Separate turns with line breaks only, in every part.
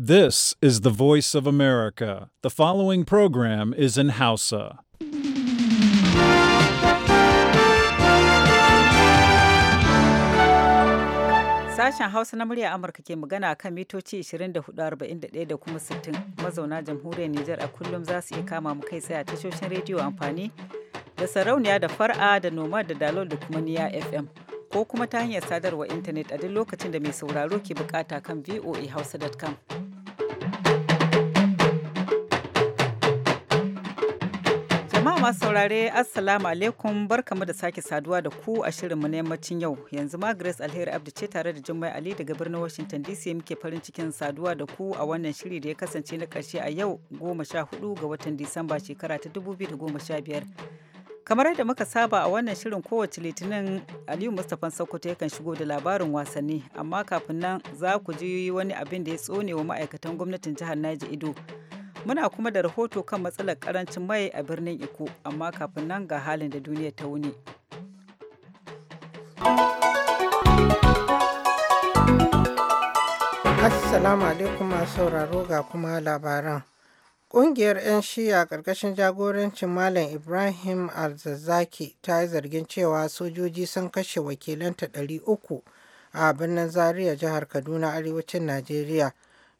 This is the voice of America. The following program is in Hausa.
Sashen Hausa na murya Amurka ke magana kan mitoci 24,41 da kuma 60 mazauna jamhuriyar Nijar a kullum za su iya kama mu kai tsaye a tashoshin rediyo amfani da sarauniya da far'a da noma da dalol da kuma niya FM. ko kuma ta hanyar sadarwa intanet a duk lokacin da mai sauraro ke bukata kan voahausa.com. Jama'a masu saurare Assalamu alaikum barkamu da sake saduwa da ku a shirinmu na yammacin yau. Yanzu ma Grace Alheri Abdu ce tare da Jummai Ali daga birnin Washington DC muke farin cikin saduwa da ku a wannan shiri da ya kasance na karshe a yau 14 ga watan Disamba shekara ta 2015. kamar yadda muka saba a wannan shirin kowace litinin aliyu mustapha sokoto yakan shigo da labarin wasanni amma kafin nan za ku ji wani abin da ya tsone wa ma'aikatan gwamnatin jihar naija ido muna kuma da rahoto kan matsalar karancin mai a birnin iko amma kafin nan ga halin da duniya ta wuni
assalamu alaikum masu sauraro ga kuma labaran Ƙungiyar 'yan Shi'a ƙarƙashin jagorancin Malam Ibrahim alzazaki ta yi zargin cewa sojoji sun kashe wakilanta 300 a birnin Zaria jihar Kaduna arewacin Najeriya.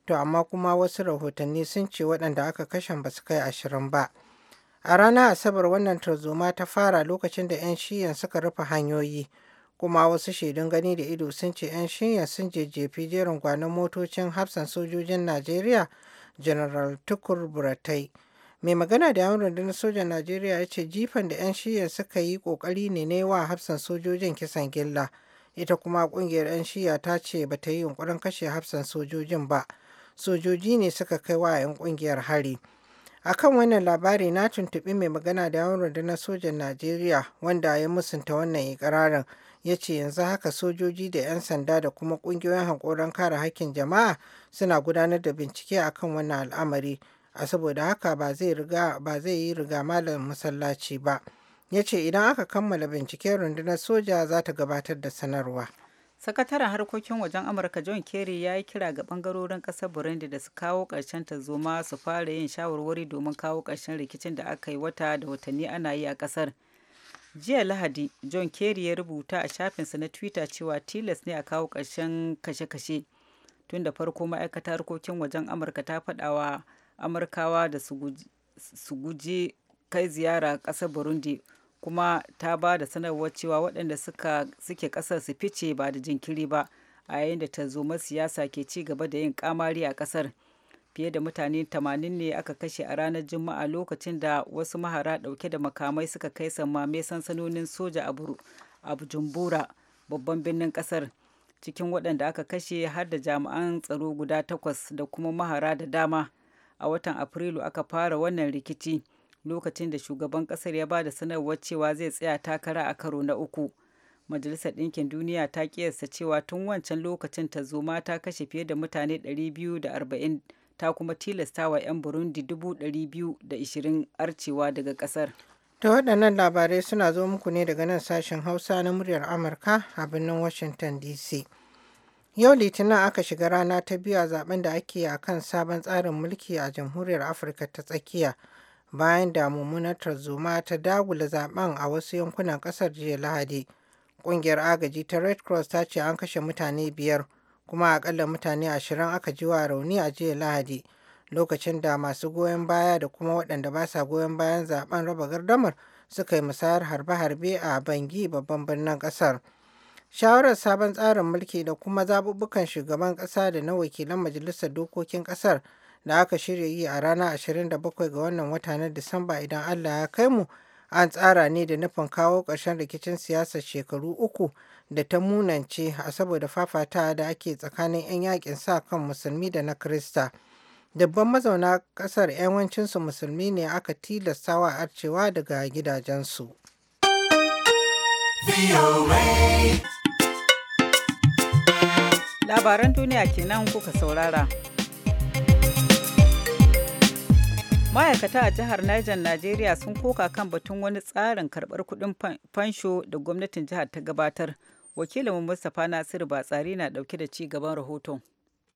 To amma kuma wasu rahotanni sun ce waɗanda aka kashe ba su kai ashirin ba. A ranar Asabar wannan tarzoma ta fara lokacin da 'yan shiyan suka rufe hanyoyi kuma wasu shaidun gani da ido sun ce 'yan shinya sun jejjefi jerin gwanon motocin hafsan sojojin najeriya general tukur buratai mai magana da yawon rundunar sojan najeriya ya ce jifan da 'yan shiya suka yi kokari ne ne wa hafsan sojojin kisan gilla ita kuma kungiyar 'yan shiya ta ce ba ta yi yunkurin kashe hafsan sojojin ba sojoji ne suka kai wa 'yan kungiyar hari akan wannan labari na tuntuɓi mai magana da yawon rundunar sojan najeriya wanda ya musunta wannan ikirarin ya ce yanzu haka sojoji da 'yan sanda da kuma ƙungiyoyin hankoron kare hakkin jama'a suna gudanar da bincike a kan wannan al'amari a saboda haka ba zai yi riga malam masallaci ba ya ce idan aka kammala binciken rundunar soja za ta gabatar da sanarwa
sakataren harkokin wajen amurka john kerry ya yi kira ga bangarorin kasar burundi da su kawo ƙarshen tarzoma su fara yin shawarwari domin kawo ƙarshen rikicin da aka yi wata da watanni ana yi a ƙasar jiya lahadi john kerry ya rubuta a shafinsa na twitter cewa tilas ne a kawo ƙarshen kashe-kashe tun da farko ma'aikata harkokin wajen amurka ta faɗawa amurkawa da su guji kai ziyara ƙasar burundi kuma ta ba da sanarwar cewa waɗanda suke ƙasar su fice ba da jinkiri ba a yayin da ta tarzoma siyasa ke ci gaba da yin kamari a ƙasar. fiye da mutane 80 ne aka kashe a ranar Juma'a lokacin da wasu mahara ɗauke da makamai suka kai samame sansanonin soja a Bujumbura, babban birnin ƙasar. Cikin waɗanda aka kashe har da jami'an tsaro guda takwas da kuma mahara da dama. A watan Afrilu aka fara wannan rikici lokacin da shugaban ƙasar ya ba da sanarwar cewa zai tsaya takara a karo na uku. Majalisar Ɗinkin Duniya ta kiyasta cewa tun wancan lokacin ta zo mata kashe fiye da mutane 240 ta kuma tilasta wa 'yan burundi 220 arcewa
daga kasar da waɗannan labarai suna zo muku ne daga nan sashen hausa na muryar amurka a birnin washington dc yau litinin aka shiga rana ta biyu a zaben da ake a kan sabon tsarin mulki a jamhuriyar afirka ta tsakiya bayan da mummunar tarzoma ta dagula zaben a wasu yankunan ƙasar jiya lahadi ƙungiyar agaji ta red cross ta ce an kashe mutane biyar kuma akalla mutane ashirin aka ji wa rauni a jiya lahadi lokacin da masu goyon baya da kuma waɗanda ba sa goyon bayan zaben raba gardamar suka yi musayar harbe-harbe a bangi babban birnin ƙasar shawarar sabon tsarin mulki da kuma zabubbukan shugaban ƙasa da na wakilan majalisar dokokin ƙasar da aka shirya yi a ranar 27 ga wannan wata na disamba idan allah ya kai mu an tsara ne da nufin kawo ƙarshen rikicin siyasar shekaru uku da ta munance a saboda fafata da ake tsakanin 'yan yakin sa kan musulmi da na krista dabban mazauna kasar yawancinsu musulmi ne aka tilasta wa arcewa daga gidajensu
labaran duniya kenan kuka saurara ma'aikata a jihar niger najeriya sun koka kan batun wani tsarin karbar kudin fansho da gwamnatin jihar ta gabatar wakilin mustapha nasiru batsari na dauke da ci gaban rahoton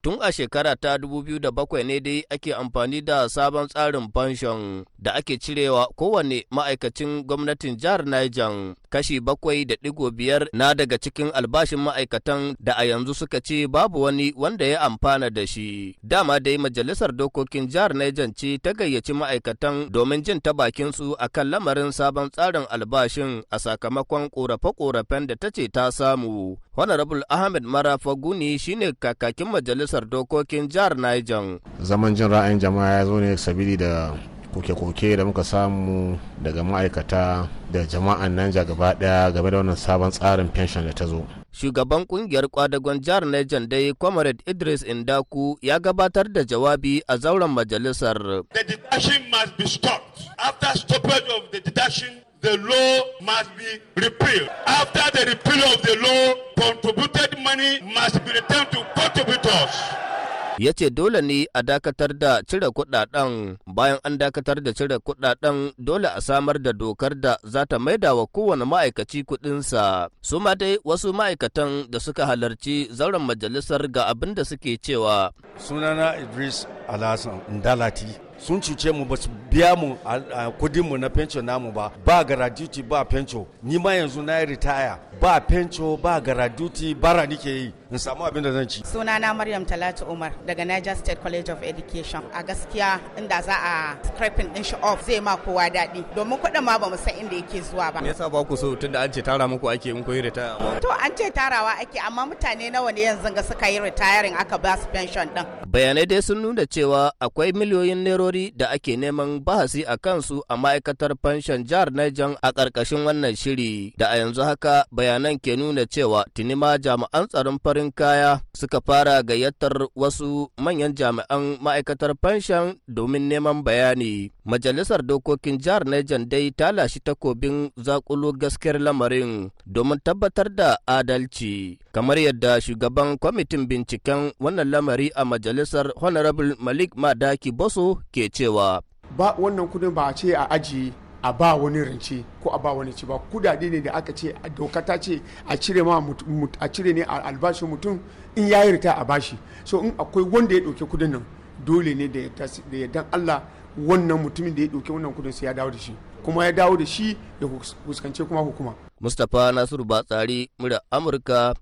Tun a shekara ta 2007 ne dai ake amfani da sabon tsarin fanshon da ake cirewa kowane ma'aikacin gwamnatin jihar Niger kashi bakwai da digo biyar na daga cikin albashin ma'aikatan da a yanzu suka ce babu wani wanda ya amfana da shi. Dama dai majalisar dokokin jihar Niger ce ta gayyaci ma'aikatan domin jin ta bakin su akan lamarin sabon tsarin albashin a sakamakon ƙorafe-ƙorafen da ta ce ta samu Honorable Ahmed Marafaguni ne kakakin majalisar dokokin jihar Niger.
Zaman jin ra'ayin jama'a ya zo ne sabili da koke-koke da muka samu daga ma'aikata da jama'an nan gaba daya game da wannan sabon tsarin pension da ta
zo. Shugaban kungiyar kwadagon jihar Niger dai Comrade Idris Indaku ya gabatar da jawabi a zauren majalisar. The deduction must be stopped. After
stoppage of the deduction, the law must be repealed. After the repeal of the law, contributed money must be returned to contributors.
ya ce dole ne a dakatar da cire kudaden bayan an dakatar da cire kudaden dole a samar da dokar da za ta maida wa kowane ma'aikaci kudinsa su ma dai wasu ma'aikatan da suka halarci zauren majalisar ga abin da suke cewa sunana
idris alhassan ndalati sun cuce mu ba su biya mu a kudin mu na fenco namu ba ba gara garaduti ba fenco ni ma yanzu na yi ritaya ba fenco ba gara garaduti bara nike yi in samu abin da zan ci
sunana maryam talatu umar daga niger state college of education a gaskiya inda za a scraping din shi off zai ma kowa daɗi domin kuɗin ma bamu san inda yake zuwa ba me yasa
ba ku so tunda an ce tara muku ake in kun yi ritaya
to an ce tarawa ake amma mutane nawa ne yanzu ga suka yi retiring aka ba su pension din
bayanai dai sun nuna cewa akwai miliyoyin nerori da ake neman bahasi a kansu a ma'aikatar pension jihar Niger a ƙarƙashin wannan shiri da a yanzu haka bayanan ke nuna cewa tinima jami'an tsaron farin farin kaya suka fara gayyatar wasu manyan jami'an ma'aikatar fanshan domin neman bayani. Majalisar dokokin jihar Niger dai ta lashi takobin zakulu gaskiyar lamarin domin tabbatar da adalci. Kamar yadda shugaban kwamitin binciken wannan lamari a majalisar Honorable Malik Madaki Boso ke cewa. Ba wannan kudin ba a ce a
ajiye a ba wani rance ko a ba wani ci ba kudade ne da aka ce doka ta ce a cire ma a cire ne a albashin mutum in ya yi rita a bashi so in akwai wanda ya doke kudin nan dole ne da ya dan Allah wannan mutumin da ya doke wannan kudin sai ya dawo da shi kuma ya dawo da shi ya fuskance kuma hukuma.
Mustapha Nasiru Batsari mura Amurka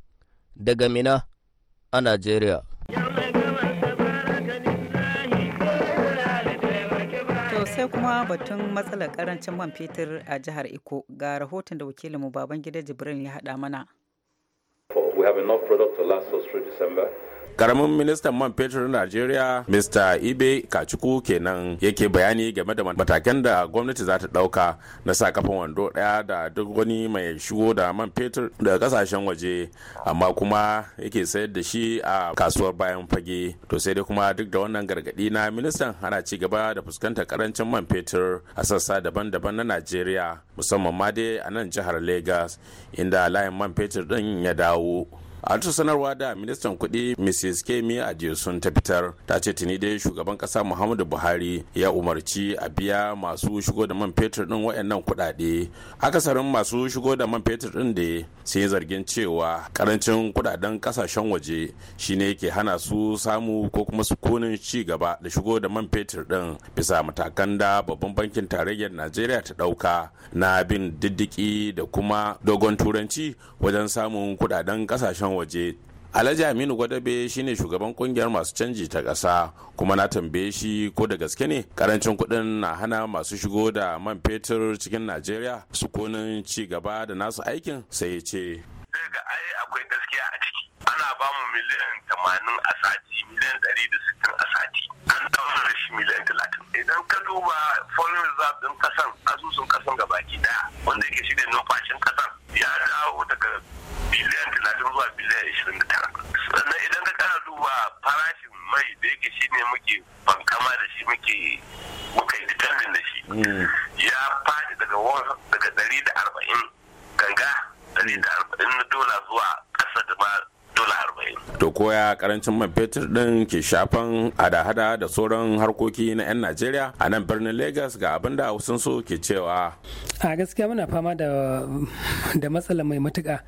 daga Mina a Najeriya.
sai kuma batun matsalar karancin man fetur a jihar Iko ga rahoton da wakilinmu gida Jibrin ya haɗa mana.
We have enough product to last us through December. karamin ministan man fetur na najeriya mr ibe kacuku kenan yake bayani game da matakan da gwamnati za ta dauka na sa kafin wando daya da duk wani mai shigo da man fetur daga kasashen waje amma kuma yake sayar da shi a kasuwar bayan fage to sai dai kuma duk da wannan gargadi na ministan ana ci gaba da fuskantar karancin man fetur a sassa daban-daban na najeriya musamman ma dai a nan jihar lagos inda layin man fetur din ya dawo a wata sanarwa da ministan kuɗi mrs kemi adeosun ta fitar ta ce tuni dai shugaban ƙasa muhammadu buhari ya umarci a biya masu shigo da man fetur din waɗannan kuɗaɗe akasarin masu shigo da man fetur din da sun yi zargin cewa karancin kuɗaɗen kasashen waje shine yake hana su samu ko kuma su sukunin ci gaba da shigo da man fetur din bisa matakan da babban bankin tarayyar najeriya ta ɗauka na bin diddiki da kuma dogon turanci wajen samun kuɗaɗen ƙasashen kasashen waje Alhaji Aminu Gwadabe shine shugaban kungiyar masu canji ta ƙasa kuma na tambaye shi ko da gaske ne karancin kuɗin na hana masu shigo da man fetur cikin Najeriya su konin ci gaba da nasu aikin sai ce.
Daga ai akwai gaskiya a ciki. Ana ba miliyan tamanin a sati, miliyan ɗari da sittin
a
sati. An dawo da shi miliyan talatin. Idan ka duba foreign reserve ɗin kasan, asusun kasan gabaki ɗaya wanda yake shi da numfashin
karancin man fetur din ke shafan hada-hada da sauran harkoki na 'yan najeriya a nan birnin Legas ga abin da so ke cewa
a gaskiya muna fama da matsala mai matuka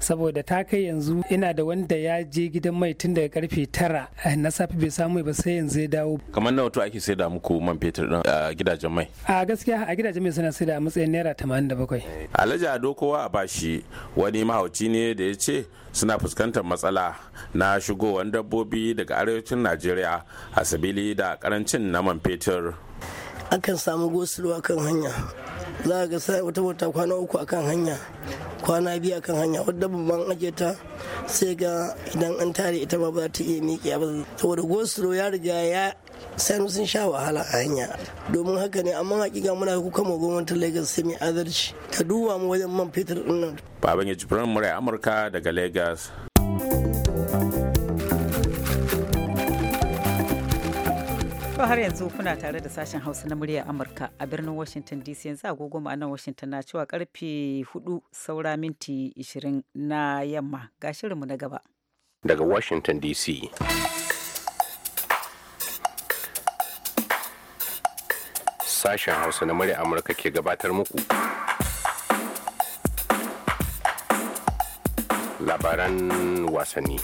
saboda ta kai yanzu ina da wanda ya je gidan mai tun daga karfe tara eh, na safe bai samu ba sai yanzu ya dawo
kamar nawa to ake sai da muku man fetur din a gidajen mai
a gaskiya a gidajen mai suna sai da matsayin naira tamanin da bakwai. Eh,
alhaji ado kowa a bashi wani mahauci ne da ya ce suna fuskantar matsala na shigowar dabbobi daga arewacin najeriya a sabili da karancin na man fetur
akan samu gosulwa kan hanya za a ga sai wata wata kwana uku akan hanya kwana biyu akan hanya wadda babban aje ta sai ga idan an tare ita ba za ta iya miƙe ba saboda gosiro ya riga ya sanu sun sha wahala a hanya domin haka ne amma hakika muna kuka ma gwamnatin lagos sai mai adalci ta duba mu wajen man fetur din nan
baban ya jibrin murai amurka daga lagos
To har yanzu kuna tare da sashen Hausa na murya Amurka a birnin Washington DC yanzu agogo ma'anar Washington na cewa karfe 4 saura minti 20 na yamma ga shirinmu na gaba.
Daga Washington DC. Sashen Hausa na murya Amurka ke gabatar muku. Labaran wasanni.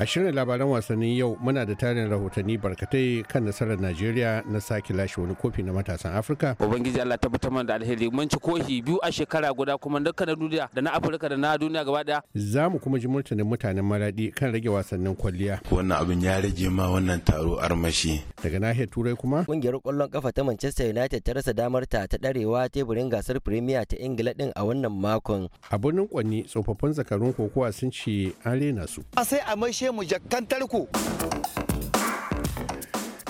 A shirin labaran wasannin yau muna da tarin rahotanni barkatai kan nasarar Najeriya na sake lashe wani kofi na matasan Afirka. Ubangiji
Allah
ta mana da alheri mun ci kofi biyu a shekara guda kuma dukkan na duniya da na Afirka da na duniya gaba daya.
Za mu kuma ji murtanin mutanen Maradi kan rage wasannin kwalliya. Wannan abin ya rage ma wannan
taro armashi.
Daga
nahiyar Turai kuma kungiyar kwallon kafa ta Manchester United ta rasa damar ta ta
darewa teburin gasar Premier ta Ingila din a wannan makon. A birnin Kwanni tsofaffin zakarun
kokowa sun ce an rena su.
A tashe mu jakkan tarko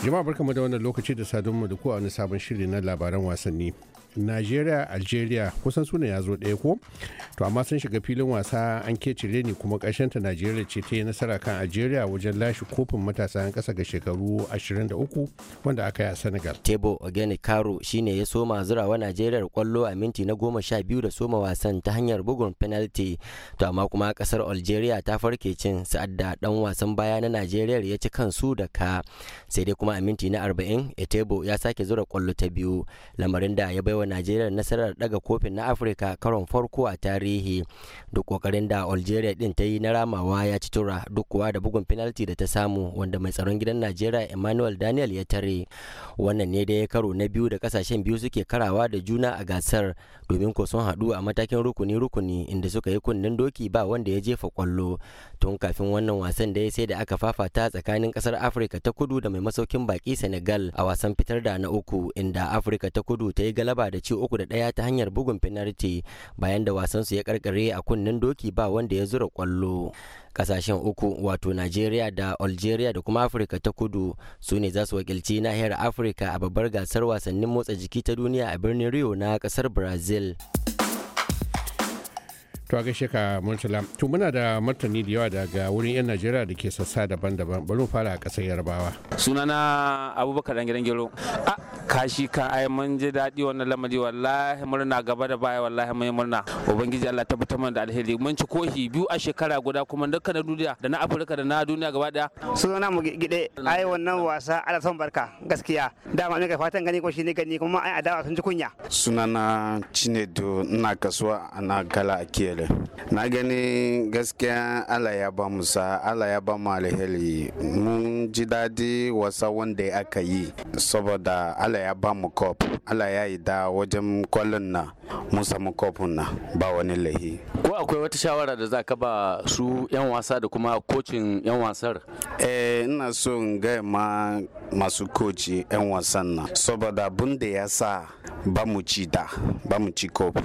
jama'a barkamu da wannan lokaci da sadunmu da ku a wani sabon shiri na labaran wasanni nigeria algeria kusan suna ya zo ɗaya ko to amma sun shiga filin wasa an kecire ne kuma ta nigeria ce ta yi nasara kan algeria wajen lashe kofin matasa 'yan ƙasa ga shekaru 23 wanda aka yi a senegal
tebo ogene karo shine ya soma zurawa nigeria kwallo a minti na goma sha biyu da soma wasan ta hanyar bugun penalty to amma kuma kasar algeria ta farke cin sa'ad da dan wasan baya na nigeria ya ci kansu da ka sai dai kuma a minti na 40 etebo ya sake zura kwallo ta biyu lamarin da ya baiwa wa najeriya nasarar daga kofin na afirka karon farko a tarihi duk kokarin da algeria din ta yi na ramawa ya ci tura duk kuwa da bugun penalty da ta samu wanda mai tsaron gidan najeriya emmanuel daniel ya tare wannan ne da ya karo na biyu da kasashen biyu suke karawa da juna a gasar domin ko sun haɗu a matakin rukuni-rukuni inda suka yi kunnen doki ba wanda ya jefa kwallo tun kafin wannan wasan da ya sai da aka fafata tsakanin kasar afirka ta kudu da mai masaukin baki senegal a wasan fitar da na uku inda afirka ta kudu ta yi galaba da ci uku da ɗaya ta hanyar bugun fenalti bayan da wasansu ya karkare a kunnen doki ba wanda ya zura kwallo kasashen uku wato Najeriya da Algeria da kuma Afirka ta kudu su ne za su wakilci nahiyar Afirka a babbar gasar wasannin motsa jiki ta duniya a birnin
Rio na kasar Brazil. to ka murtala to muna da martani da yawa daga wurin yan najeriya da ke sassa daban-daban bari mu fara a ƙasar yarbawa
sunana abubakar dan kashi kan ai mun ji daɗi wannan lamari wallahi murna gaba da baya wallahi mun murna ubangiji Allah tabbatar mana da alheri mun ci kohi biyu a shekara guda kuma duka na duniya da na Afirka da na duniya gaba daya
sunana mu gide ai
wannan wasa Allah san barka gaskiya dama ne ga fatan gani ko shi ne gani kuma ai adawa sun ji kunya
sunana Chinedu ina kasuwa ana gala akiyele na gani gaskiya Allah ya ba mu sa Allah ya ba mu alheri mun ji daɗi wasa wanda aka yi saboda Allah Allah ya ba mu kop Allah ya yi da wajen kwallon nan musa mukofin na ba wani lahi ko akwai wata shawara da za ka ba su 'yan wasa da kuma kocin 'yan wasar eh ina so in ma masu koci 'yan wasan nan saboda abin da ya sa ba mu ci da ba mu ci kofi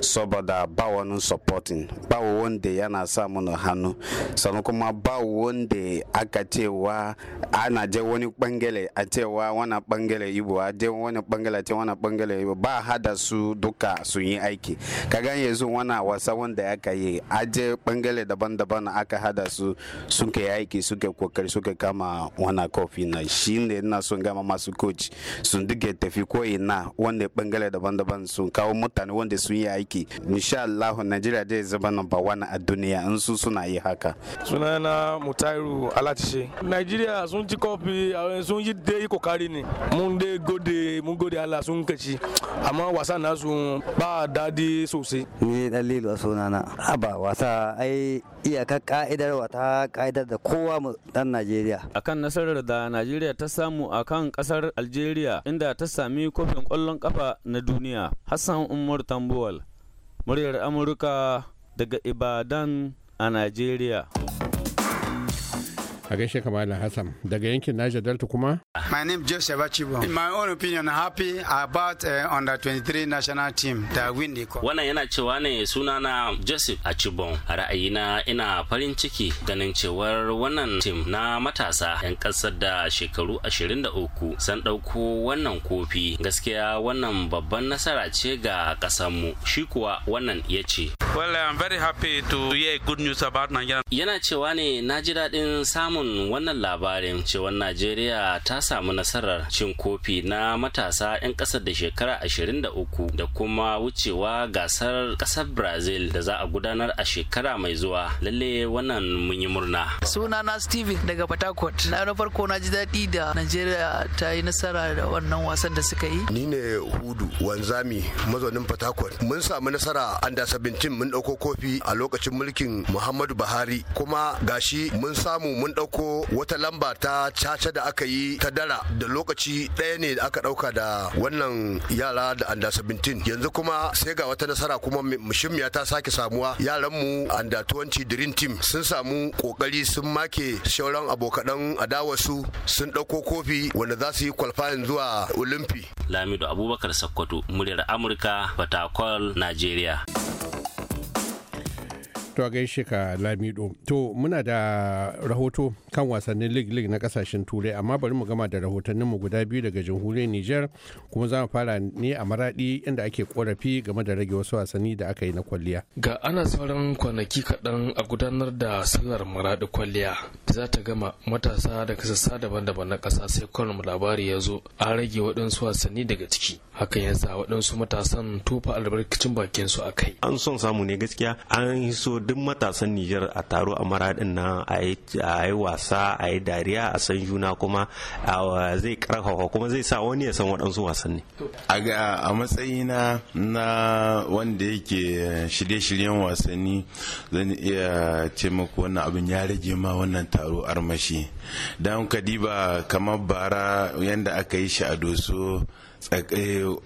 saboda ba wani supporting ba wanda yana sa na hannu sannan kuma ba wanda aka cewa ana je wani bangare a cewa wani bangare ibo a je wani bangare a ce wani bangare ibo ba hada su duka sun yi aiki ka gan yanzu wani wasa wanda ya yi aje bangare daban-daban aka hada su sun yi aiki suka kokari suka kama wani kofi na shi ne ina sun gama masu coach sun duka tafi ko ina wanda bangare daban-daban sun kawo mutane wanda sun yi aiki insha Allah Najeriya zai zama number one a duniya in su suna yi haka
sunana Mutairu Alatishe Najeriya sun ci kofi eh, sun yi dai kokari ne mun dai gode mun gode Allah sun kaci amma
wasa nasu ba dadi sosai ni dan lilo a sunana a ba ai iyaka ka'idar wata ka'idar da kowa dan najeriya
akan nasarar da najeriya ta samu akan kasar algeria inda ta sami kofin kwallon kafa na duniya hassan umar tambuwal muryar amurka daga ibadan
a
najeriya
a gaishe malam hassan daga yankin niger delta kuma
my name joseph achibo in my own opinion happy about uh, under 23 national team da win the cup wannan
yana cewa ne sunana joseph achibo a ra'ayina ina farin ciki ganin cewar wannan team na matasa yan kasar da shekaru 23 san dauko wannan kofi gaskiya wannan babban nasara ce ga kasanmu shi kuwa wannan ya ce
well am very happy to hear good
news about nigeria yana cewa ne na ji daɗin samun samun wannan labarin cewar najeriya ta samu nasarar cin kofi na matasa 'yan ƙasar da shekara 23 da kuma wucewa gasar kasar brazil da za a gudanar a shekara mai zuwa lalle wannan mun yi murna
suna na steven daga patakot na farko na ji daɗi da najeriya ta yi nasara da wannan wasan da suka yi ni ne hudu wanzami mazaunin patakot mun samu nasara anda sabintin mun ɗauko kofi a lokacin mulkin muhammadu buhari kuma gashi mun samu mun ɗauko farko wata lamba ta caca da aka yi ta dara da lokaci ɗaya ne da aka ɗauka da wannan yara da anda 17 yanzu kuma sai ga wata nasara kuma mushimmiya ta sake samuwa yaranmu anda 20 dream team sun samu kokari sun make shauran abokadan adawarsu sun ɗauko kofi wanda za su yi kwalfayin zuwa
olympi lamido abubakar sakkwato muryar amurka fatakwal nigeria
To gaishe ka Lamido. To muna da rahoto kan wasannin lig lig na kasashen turai amma bari mu gama da rahotannin mu guda biyu daga jamhuriyar Nijar kuma za mu fara ne a maradi inda ake korafi game da rage wasu wasanni da aka yi na kwalliya.
Ga ana sauran kwanaki kaɗan a gudanar da sallar maradi kwalliya da za ta gama matasa da sassa daban-daban na kasa sai mu labari ya zo an rage waɗansu wasanni daga ciki. Hakan ya sa waɗansu matasan tufa albarkacin bakinsu su a kai.
An son samu ne gaskiya an so duk matasan Nijar a taro a maradin nan a yi wasa a yi dariya a san juna kuma zai karfafa kuma zai sa wani ya san waɗansu wasanni. A a matsayina
na wanda yake shirye-shiryen wasanni zan iya ce maku wannan abin ya rage ma wannan taro armashi. Don kadiba kamar bara yadda aka yi shi a doso Eh,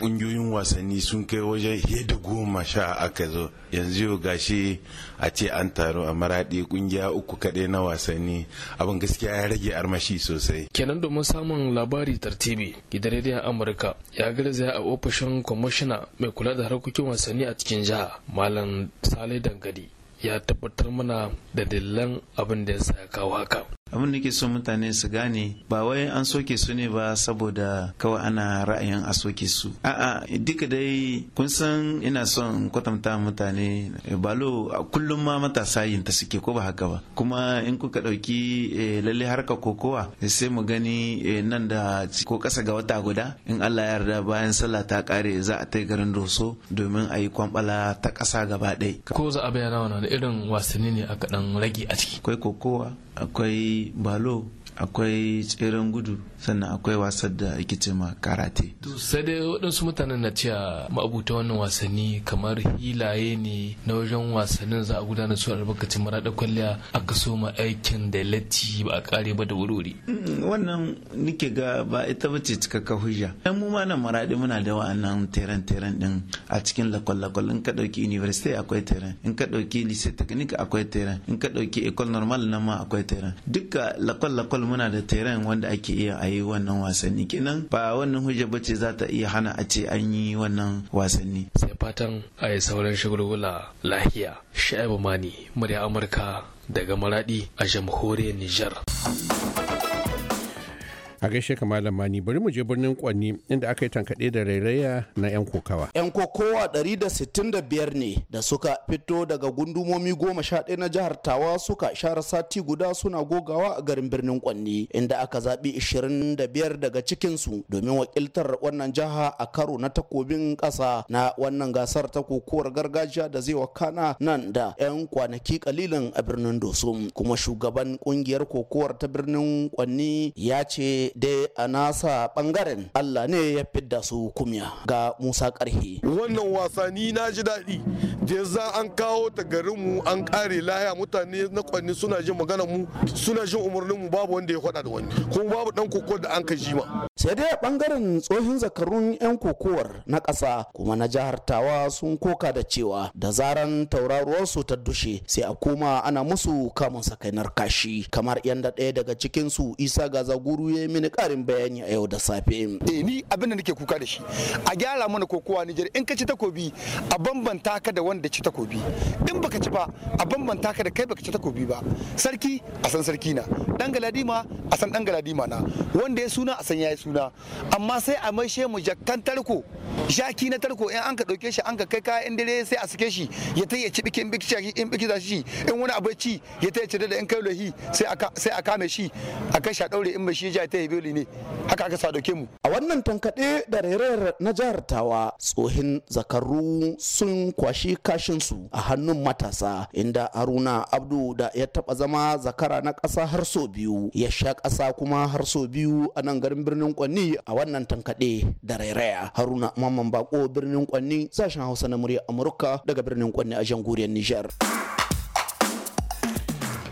ƙungiyoyin wasanni sun kai wajen hedi goma sha aka zo yanzu yau gashi a ce an taru a maraɗi ƙungiya uku kaɗai na wasanni abin gaskiya ya rage armashi sosai kenan domin
samun labari tartibi gidan rediyon amurka ya garzaya a ofishin kwamishina mai kula da harkokin wasanni a cikin jiha malam sale dangadi ya tabbatar mana
da dillan abin da ya sa kawo haka abin da ke so mutane su gane ba wai an soke su ne ba saboda kawai ana ra'ayin a soke su a'a duka dai kun san ina son kwatanta mutane eh, balo a kullum ma matasa yin ta suke ko ba haka ba kuma in kuka ɗauki eh, lalle harka kokowa eh, sai mu gani nan da ko ƙasa ga wata guda in Allah ya yarda bayan sallah ta kare za a tai garin doso domin a yi kwambala ta kasa gaba ɗaya
ko za a bayyana wannan irin wasanni ne a
kaɗan rage a ciki akwai kokowa akwai balo akwai tseren gudu sannan akwai wasar da ake ce ma karate
to sai dai waɗansu mutanen na cewa ma'abuta wannan wasanni kamar hilaye ne na wajen wasannin za a gudanar su albarkacin maraɗa kwalliya aka ma aikin da latti ba a kare ba da wuri
mm, wannan nike ga ba ita ba ce cikakka hujja dan mu ma nan maraɗi muna da wa'annan teren teren din a cikin lakwal-lakwal in ka ɗauki university akwai teren in ka ɗauki lycée technique akwai teren in ka ɗauki école normale nan ma akwai teren duka lakwal-lakwal football muna da teren wanda ake iya a yi wannan wasanni kenan ba wannan hujja ba ce za ta iya hana a ce an yi wannan wasanni sai fatan a yi sauran shagulgula lahiya sha'ibu mani murya
amurka daga maradi a jamhuriyar nijar.
a gaishe ka malam mani bari mu je birnin kwanni inda aka yi tankaɗe da rairaya na yan kokawa
yan
kokowa 165 ne da suka fito daga gundumomi goma sha ɗaya na jihar tawa suka share sati guda suna gogawa a garin birnin kwanni inda aka zaɓi 25 daga cikinsu domin wakiltar wannan jiha a karo na takobin ƙasa na wannan gasar ta kokowar gargajiya da zai wakana nan da yan kwanaki kalilin a birnin dosun kuma shugaban kungiyar kokowar ta birnin kwanni ya ce dai a nasa bangaren Allah ne ya fidda su kumya ga Musa Karhe. Wannan wasani na ji daɗi da za an kawo ta garinmu an kare laya mutane na kwanni suna jin magana mu suna jin umarnin mu babu wanda ya faɗa da wani kuma babu ɗan kokowar da an ka ji ma. Sai dai bangaren tsohon zakarun 'yan kokowar na ƙasa kuma na jihar Tawa sun koka da cewa da zaran su ta dushe sai a koma ana musu kamun sakainar kashi kamar yanda ɗaya daga cikin su Isa Gazaguru ya yi wani karin bayani a yau da safe eh ni abin da nake kuka da shi a gyara mana kokowa Nijar in ka ci takobi a bambanta ka da wanda ci takobi in baka ci ba a bambanta ka da kai baka ci takobi ba sarki a san sarki na dan galadima a san dan galadima na wanda ya suna a san yayi suna amma sai a mai mu jakkan tarko jaki na tarko in an ka dauke shi an ka kai kaya in dare sai a sike shi ya ta ya ci bikin bikin in bikin shi in wani abu ci ya ta ya ci da in kai lohi sai a kame shi a kai sha daure in mai shi ya ta ya ravioli ne haka aka sadoke mu a wannan tankaɗe da rairayar na jihar tawa tsohin zakaru sun kwashi kashin su a hannun matasa inda haruna abdu da ya taɓa zama zakara na ƙasa har so biyu ya sha ƙasa kuma har so biyu a nan garin birnin kwanni a wannan tankaɗe da rairaya haruna mamman bako birnin kwanni sashen hausa na murya amurka daga birnin kwanni a jamhuriyar nijar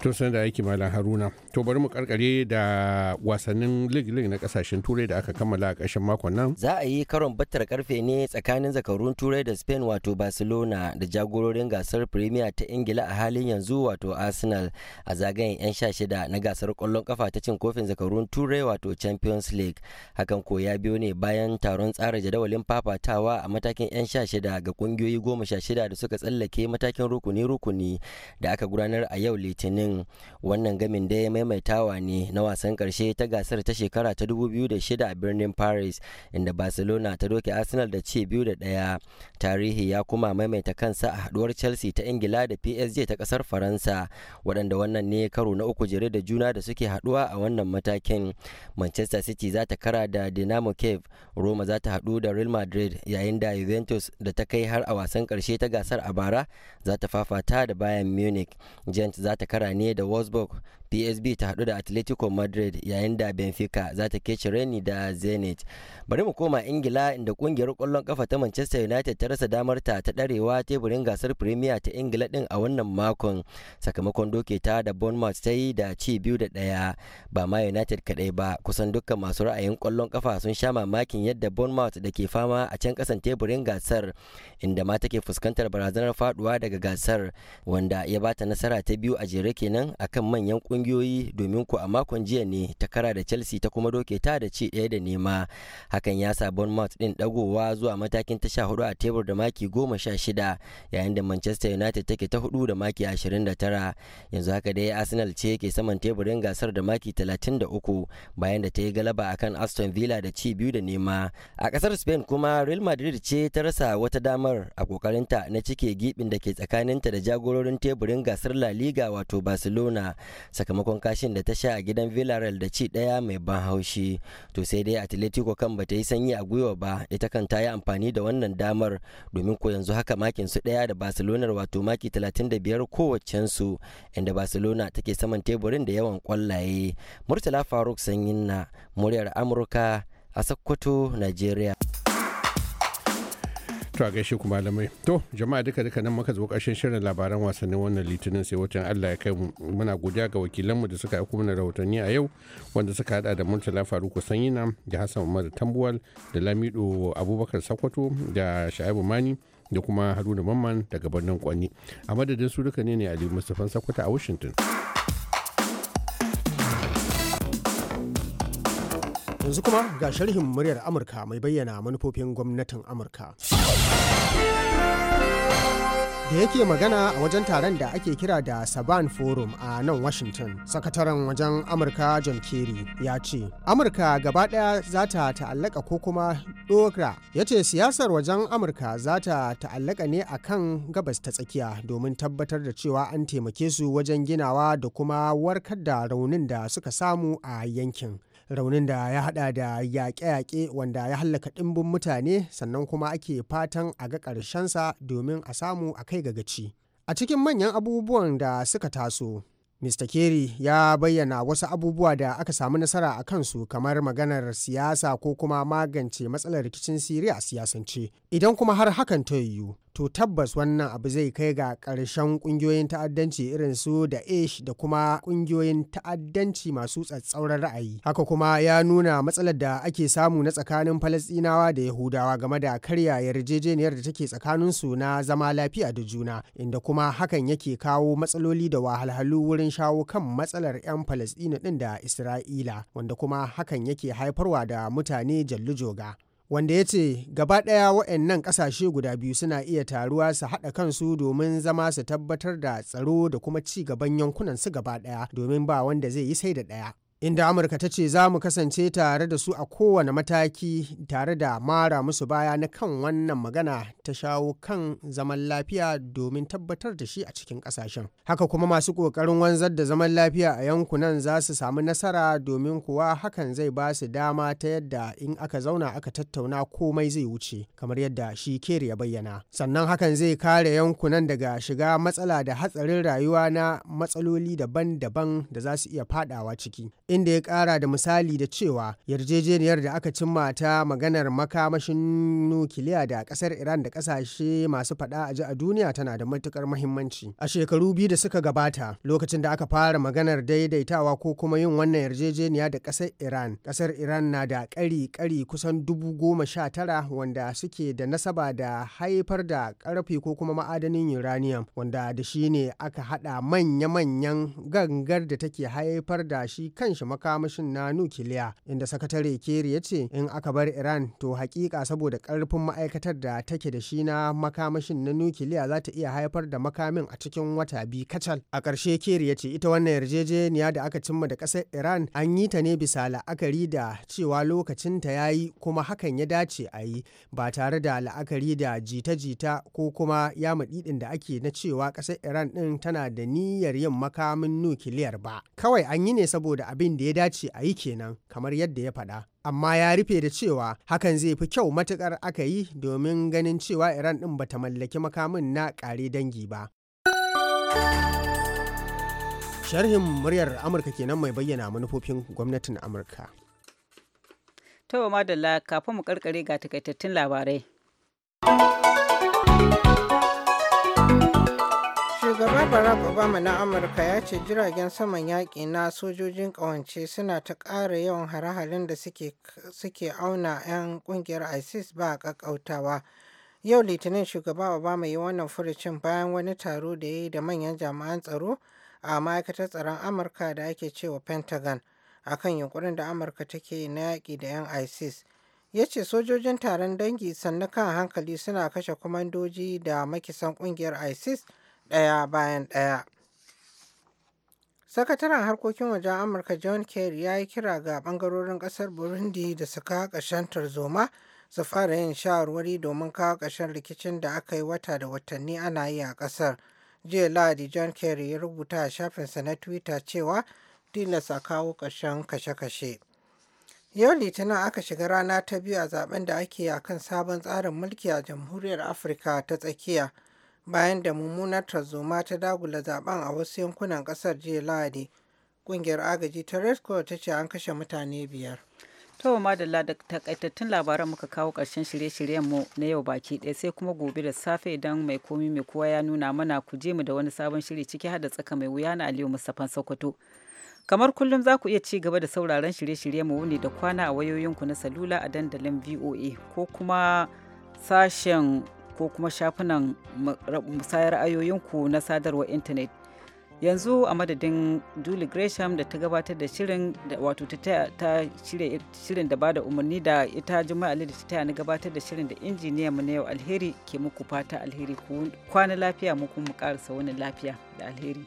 tun sanda malam haruna to bari mu karkare da wasannin lig-lig na kasashen turai da aka kammala a ƙarshen makon nan za a yi karon battar karfe ne tsakanin zakarun
turai da spain wato barcelona da jagororin gasar premier ta ingila a halin yanzu wato arsenal a zagayen 'yan sha shida na gasar kwallon kafa ta cin kofin zakarun turai wato champions league hakan ko ya biyo ne bayan taron tsara jadawalin fafatawa a matakin 'yan sha shida ga kungiyoyi goma sha shida da suka tsallake matakin rukuni-rukuni da aka gudanar a yau litinin din wannan gamin da ya maimaitawa ne na wasan karshe ta gasar ta shekara ta 2006 a birnin paris inda barcelona ta doke arsenal da ce biyu da daya tarihi ya kuma maimaita kansa a haduwar chelsea ta ingila da psg ta kasar faransa waɗanda wannan ne karo na uku jere da juna da suke haduwa a wannan matakin manchester city za ta kara da dinamo cave roma za ta hadu da real madrid yayin da juventus da ta kai har a wasan karshe ta gasar a bara za ta fafata da bayan munich gent za ta kara ne ne da Wolfsburg psb ta hadu da atletico madrid yayin da benfica za ta kece reni da zenit bari mu koma ingila inda kungiyar kwallon kafa ta manchester united ta rasa damar ta ta darewa teburin gasar premier ta ingila din a wannan makon sakamakon doke ta da bournemouth ta yi da ci biyu da ɗaya ba ma united kadai ba kusan dukkan masu ra'ayin kwallon kafa sun sha mamakin yadda bournemouth da ke fama a can kasan teburin gasar inda ma take fuskantar barazanar faduwa daga gasar wanda ya bata nasara ta biyu a jere kenan akan manyan kungiyoyi ƙungiyoyi domin ku a makon jiya ne ta kara da Chelsea ta kuma doke ta da ci ɗaya da nema. Hakan ya sa Bournemouth ɗin ɗagowa zuwa matakin ta sha hudu a tebur da maki goma sha shida yayin da Manchester United take ta hudu da maki ashirin da tara. Yanzu haka dai Arsenal ce ke saman teburin gasar da maki talatin da uku bayan da ta yi galaba akan Aston Villa da ci biyu da nema. A ƙasar Spain kuma Real Madrid ce ta rasa wata damar a ƙoƙarinta na cike gibin da ke tsakaninta da jagororin teburin gasar La Liga wato Barcelona. sakamakon kashin da ta sha a gidan villarreal da ci daya mai ban haushi to sai dai atletico kan bata yi sanyi a gwiwa ba ita kan ta yi amfani da wannan damar domin ko yanzu haka makin su daya da barcelona wato maki 35 su inda barcelona take saman teburin da yawan kwallaye murtala faruk sanyin na muryar
amurka a sokoto nigeria To a gaishe ku malamai. To jama'a duka duka nan muka zo karshen shirin labaran wasannin wannan litinin sai wajen Allah ya kai muna godiya ga wakilanmu da suka aiko mana rahotanni a yau wanda suka hada da Murtala Faruku Sanyina da Hassan Umar Tambuwal da Lamido Abubakar Sakwato da Sha'ibu Mani da kuma Haruna Mamman daga birnin Kwani. A madadin su duka ne ne Ali Mustapha Sakwato a Washington.
Yanzu kuma ga sharhin muryar Amurka mai bayyana manufofin gwamnatin Amurka. da yake magana a wajen taron da ake kira da saban forum a nan washington sakataren wajen amurka john kerry ya ce amurka gaba daya za ta ta'allaka ko kuma dokra ya ce siyasar wajen amurka za ta ta'allaka ne a kan gabas ta tsakiya domin tabbatar da cewa an taimake su wajen ginawa da kuma warkar da raunin da suka samu a yankin raunin da ya hada da yaƙe-yaƙe wanda ya hallaka ɗimbin mutane sannan kuma ake fatan a ga ƙarshensa domin a samu a kai gagaci. A cikin manyan abubuwan da suka taso, Mr. Kerry ya bayyana wasu abubuwa da aka samu nasara a kansu kamar maganar siyasa ko kuma magance matsalar rikicin Siriya a siyasance. Idan kuma har hakan ta yiwu, to tabbas wannan abu zai kai ga ƙarshen ƙungiyoyin ta'addanci irin su da ish da kuma ƙungiyoyin ta'addanci masu tsatsauran ra'ayi haka kuma ya nuna matsalar da ake samu na tsakanin falasɗinawa da yahudawa game da karya yarjejeniyar da take tsakaninsu na zama lafiya da juna inda kuma hakan yake kawo matsaloli da wahalhalu wurin shawo kan matsalar 'yan falasɗina ɗin da isra'ila wanda kuma hakan yake haifarwa da mutane jallujoga. wanda ya ce gaba ɗaya waɗannan ƙasashe guda biyu suna iya taruwa su haɗa kansu domin zama su tabbatar da tsaro da kuma ci gaban yankunan su gaba ɗaya domin ba wanda zai yi sai da ɗaya. inda amurka ta ce za mu kasance tare da su a kowane mataki tare da mara musu baya na kan wannan magana ta shawo kan zaman lafiya domin tabbatar da shi a cikin kasashen haka kuma masu ƙoƙarin wanzar da zaman lafiya a yankunan za su samu nasara domin kuwa hakan zai ba su dama ta yadda in aka zauna aka tattauna komai zai wuce kamar yadda shi keri ya bayyana sannan hakan zai kare yankunan daga shiga matsala da hatsarin rayuwa na matsaloli daban-daban da za su iya fadawa ciki inda ya kara da misali da cewa yarjejeniyar da aka cimma ta maganar makamashin nukiliya da kasar iran da kasashe masu fada a ji a duniya tana da matukar mahimmanci a shekaru biyu da suka gabata lokacin da aka fara maganar daidaitawa ko kuma yin wannan yarjejeniya da kasar iran kasar iran na da kari kari kusan dubu goma sha tara wanda suke da nasaba da haifar da karfe ko kuma ma'adanin uranium wanda da shi ne aka hada manya-manyan gangar da take haifar da shi kan tashi makamashin na nukiliya inda sakatare keri ya ce in aka bar iran to hakika saboda karfin ma'aikatar da take da shi na makamashin na nukiliya za ta iya haifar da makamin a cikin wata biyu kacal a ƙarshe keri ya ce ita wannan yarjejeniya da aka cimma da ƙasar iran an yi ta ne bisa la'akari da cewa lokacinta ya yi kuma hakan ya dace a yi ba tare da la'akari da jita-jita ko kuma ya maɗiɗin da ake na cewa ƙasar iran ɗin tana da niyyar yin makamin nukiliyar ba kawai an yi ne saboda abin abin da ya dace a yi kenan kamar yadda ya faɗa amma ya rufe da cewa hakan zai fi kyau matukar aka yi domin ganin cewa iran ɗin bata mallaki makamin na ƙare dangi ba sharhin muryar amurka kenan mai bayyana manufofin gwamnatin amurka
to madalla kafin mu karkare ga takaitattun labarai
Shugaba Barack Obama na Amurka ya ce jiragen saman yaƙi na sojojin ƙawance suna ta ƙara yawan hare-haren da suke auna 'yan ƙungiyar ISIS ba a ƙaƙƙautawa. Yau Litinin Shugaba Obama yi wannan furucin bayan wani taro da ya yi da manyan jami'an tsaro a ma'aikatar tsaron Amurka da ake cewa Pentagon akan yunkurin da Amurka take na yaƙi da 'yan ISIS. ya ce sojojin taron dangi sannan kan hankali suna kashe kwamandoji da makisan ƙungiyar ISIS. ɗaya bayan ɗaya. Sakataren harkokin wajen Amurka John Kerry ya yi kira ga ɓangarorin ƙasar Burundi da su kawo ƙarshen tarzoma su fara yin shawarwari domin kawo ƙarshen rikicin da aka yi wata da watanni ana yi a ƙasar. Jiya Lahadi John Kerry ya rubuta a shafinsa na Twitter cewa tilasta kawo ƙarshen kashe-kashe. Yau Litinin aka shiga rana ta biyu a zaben da ake a kan sabon tsarin mulki a Jamhuriyar Afirka ta tsakiya. bayan da mummunar tarzoma ta dagula zaben a wasu yankunan kasar jiya lahadi kungiyar agaji ta red cross ta ce an kashe mutane biyar
To madalla da takaitattun labaran muka kawo karshen shirye-shiryen mu na yau baki ɗaya sai kuma gobe da safe idan mai komi mai kowa ya nuna mana ku je mu da wani sabon shiri ciki har tsaka mai wuya na Aliyu Mustapha Sokoto. Kamar kullum za ku iya ci gaba da sauraron shirye-shiryen mu wuni da kwana a wayoyinku na salula a dandalin VOA ko kuma sashen ko kuma shafunan musayar ra'ayoyinku na sadarwar intanet yanzu a madadin julie gresham da ta gabatar da shirin wato ta shirin da bada umarni da ita juma'a da ta taya na gabatar da shirin da injiniya mu na yau alheri ke muku fata alheri kwana lafiya mu kuma karasa wani lafiya da alheri